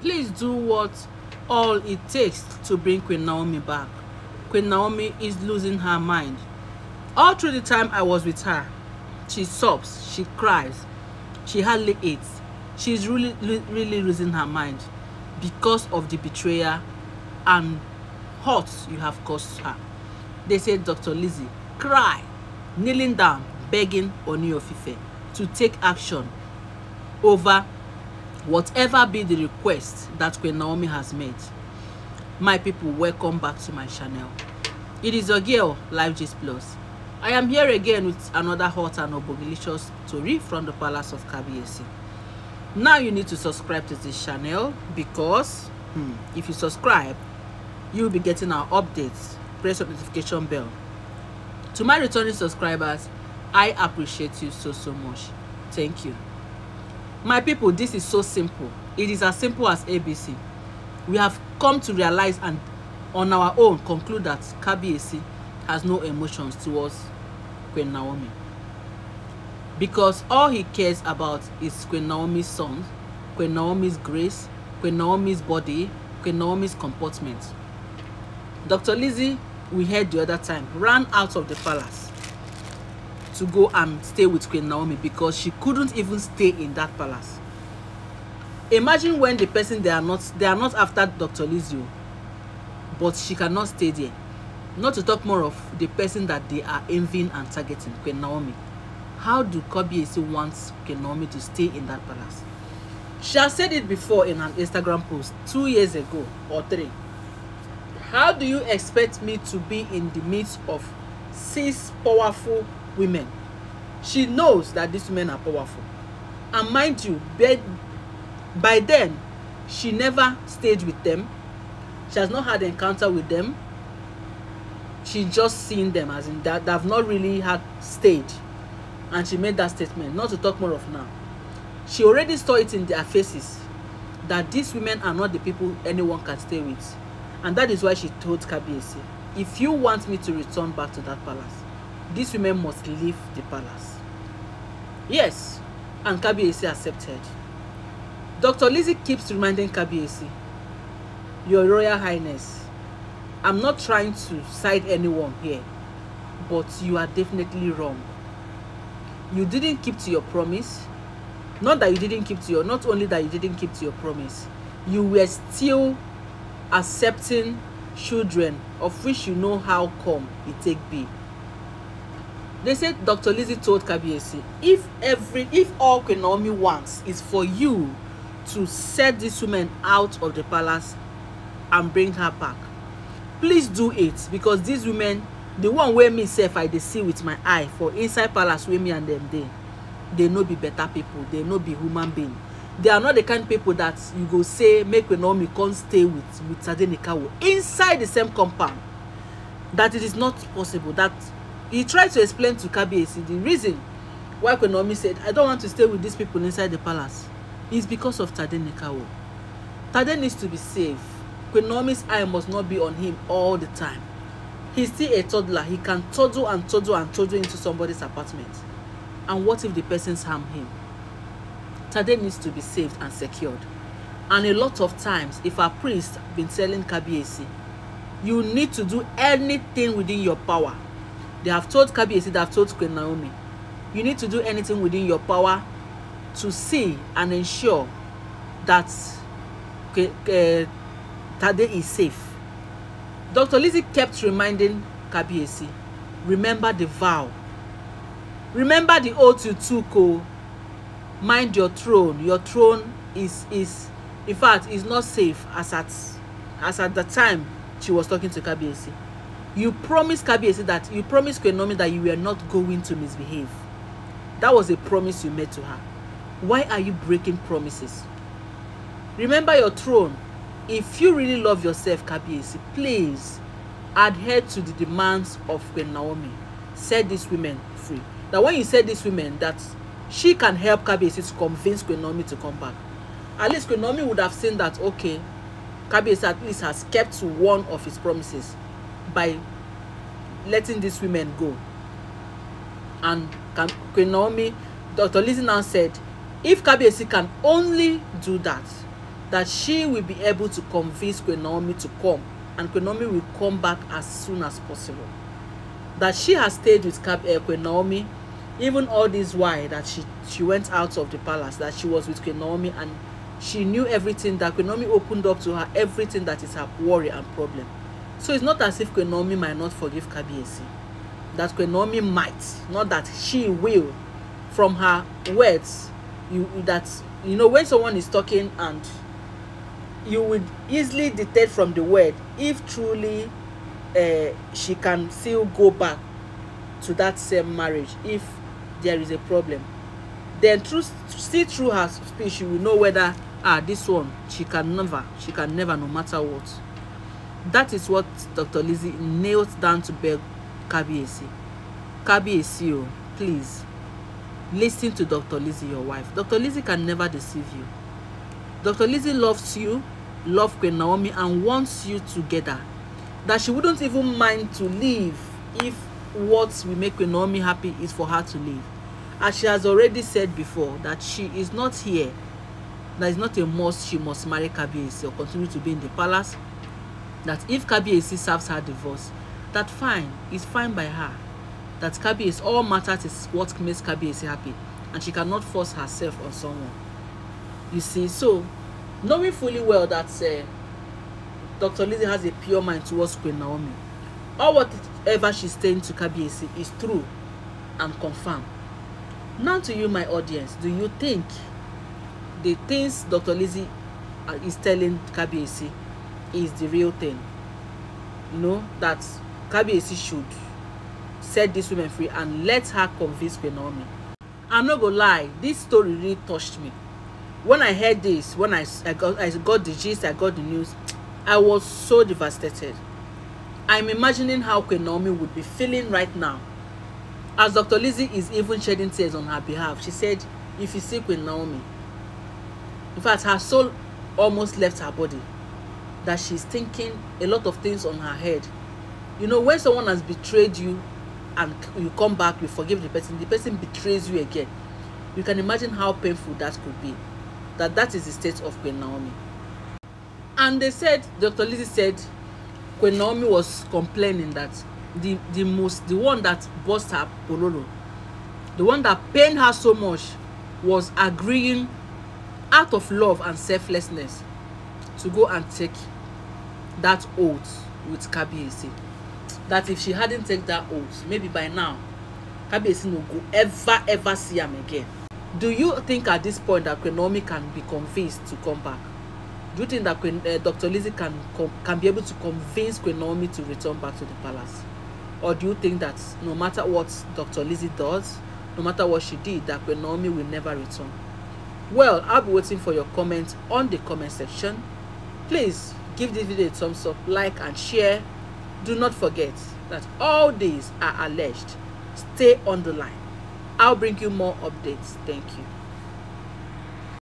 please do what all it takes to bring Queen Naomi back. Queen Naomi is losing her mind. All through the time I was with her, she sobs, she cries, she hardly eats. She's really, really losing her mind because of the betrayer and hurt you have caused her. They said, Dr. Lizzie, cry, kneeling down, begging Oni Ofife to take action over whatever be the request that Queen Naomi has made. My people, welcome back to my channel. It is your girl, Life Gist Plus. I am here again with another hot and obligatious story from the palace of Kabiyesi. Now you need to subscribe to this channel because hmm, if you subscribe, you'll be getting our updates. Press the notification bell. To my returning subscribers, I appreciate you so, so much. Thank you. my people this is so simple it is as simple as abc we have come to realize and on our own conclude that KBAC has no emotions towards queen naomi because all he cares about is queen naomi's son queen naomi's grace queen naomi's body queen naomi's comportment dr lizzie we heard the other time ran out of the palace to go and stay with Queen Naomi because she couldn't even stay in that palace. Imagine when the person they are not they are not after Dr. Lizio, but she cannot stay there. Not to talk more of the person that they are envying and targeting, Queen Naomi. How do Kobiesi wants Queen Naomi to stay in that palace? She has said it before in an Instagram post two years ago or three. How do you expect me to be in the midst of six powerful women. She knows that these women are powerful. And mind you, by then, she never stayed with them. She has not had encounter with them. She just seen them as in that they have not really had stayed. And she made that statement, not to talk more of now. She already saw it in their faces that these women are not the people anyone can stay with. And that is why she told Kabiesi, if you want me to return back to that palace, these women must leave the palace. Yes, and Kabiesi accepted. Dr. Lizzie keeps reminding Kabiesi, Your Royal Highness, I'm not trying to side anyone here, but you are definitely wrong. You didn't keep to your promise. Not that you didn't keep to your, not only that you didn't keep to your promise, you were still accepting children of which you know how come it take be they say dr lizzie told kabiyesi if every if all queen naomi wants is for you to set this woman out of the palace and bring her back please do it because these women the one where me self i dey see with my eye for inside palace where me and them dey they no be better people They no be human being they are not the kind people that you go say make queen naomi come stay with with sadenikawo inside the same compound that it is not possible that he tried to explain to kabiyesi the reason why queen said i don't want to stay with these people inside the palace is because of tade nikawo tade needs to be safe queen eye must not be on him all the time he's still a toddler he can toddle and toddle and toddle into somebody's apartment and what if the persons harm him tade needs to be saved and secured and a lot of times if our priest been telling kabiyesi you need to do anything within your power They have told Kabiesi, they have told Queen Naomi, you need to do anything within your power to see and ensure that uh, eh, Tade is safe. Dr. Lizzie kept reminding Kabiesi, remember the vow. Remember the oath you took, oh. Mind your throne. Your throne is, is in fact, is not safe as at, as at the time she was talking to Kabiesi you promised kabiyesi that you promised kwenomi that you were not going to misbehave that was a promise you made to her why are you breaking promises remember your throne if you really love yourself kabiyesi please adhere to the demands of queen set these women free that when you set these women that she can help kabiyesi to convince queen to come back at least queen would have seen that okay kabiyesi at least has kept to one of his promises by letting these women go. And Queen Naomi, Dr. Lizzie now said, if Kabiesi can only do that, that she will be able to convince Queen Naomi to come and Queen Naomi will come back as soon as possible. That she has stayed with Kab eh, Queen Naomi even all this while that she, she went out of the palace, that she was with Queen Naomi and she knew everything that Queen Naomi opened up to her, everything that is her worry and problem. So it's not as if Queen might not forgive Kabiyesi. That Queen might, not that she will. From her words, you that you know when someone is talking and you would easily detect from the word if truly uh, she can still go back to that same marriage if there is a problem. Then through see through her speech, you will know whether ah this one she can never, she can never, no matter what that is what dr lizzie nailed down to beg kábíyèsí kábíyèsí o please listen to dr lizzie your wife dr lizzie can never deceive you dr lizzie loves you love queen naomi and wants you together that she wouldn't even mind to leave if what will make queen naomi happy is for her to leave as she has already said before that she is not here that is not a must she must marry kabiyesi or continue to be in the palace that if Kabiyesi serves her divorce, that fine is fine by her. That Kabiyesi, all matters is what makes Kabiyesi happy, and she cannot force herself on someone. You see, so knowing fully well that uh, Dr. Lizzie has a pure mind towards Queen Naomi, all whatever she's saying to Kabiyesi is true and confirmed. Now to you, my audience, do you think the things Dr. Lizzie uh, is telling Kabiyesi is the real thing you know that Kabiyesi should set this woman free and let her convince Queen Naomi i'm no go lie this story really touched me when i heard this when i i got i got the gist i got the news i was so devastated i'm imagining how Queen Naomi would be feeling right now as Dr. Lizzie is even shedding tears on her behalf she said if you see Queen Naomi in fact her soul almost left her body that she's thinking a lot of things on her head you know when someone has betrayed you and you come back you forgive the person the person betrays you again you can imagine how painful that could be that that is the state of queen naomi and they said dr lizzie said queen naomi was complaining that the the most the one that burst her pololo the one that pained her so much was agreeing out of love and selflessness to go and take that oath with kabiyesi that if she hadn't take that oath maybe by now kabiyesi no go ever ever see am again do you think at this point that Queen can be convinced to come back do you think that Queen, uh, eh, Dr. Lizzie can can be able to convince Queen to return back to the palace or do you think that no matter what Dr. Lizzie does no matter what she did that Queen will never return well i'll be waiting for your comments on the comment section please give this video a thumbs up like and share do not forget that all these are alleged stay on the line i'll bring you more updates thank you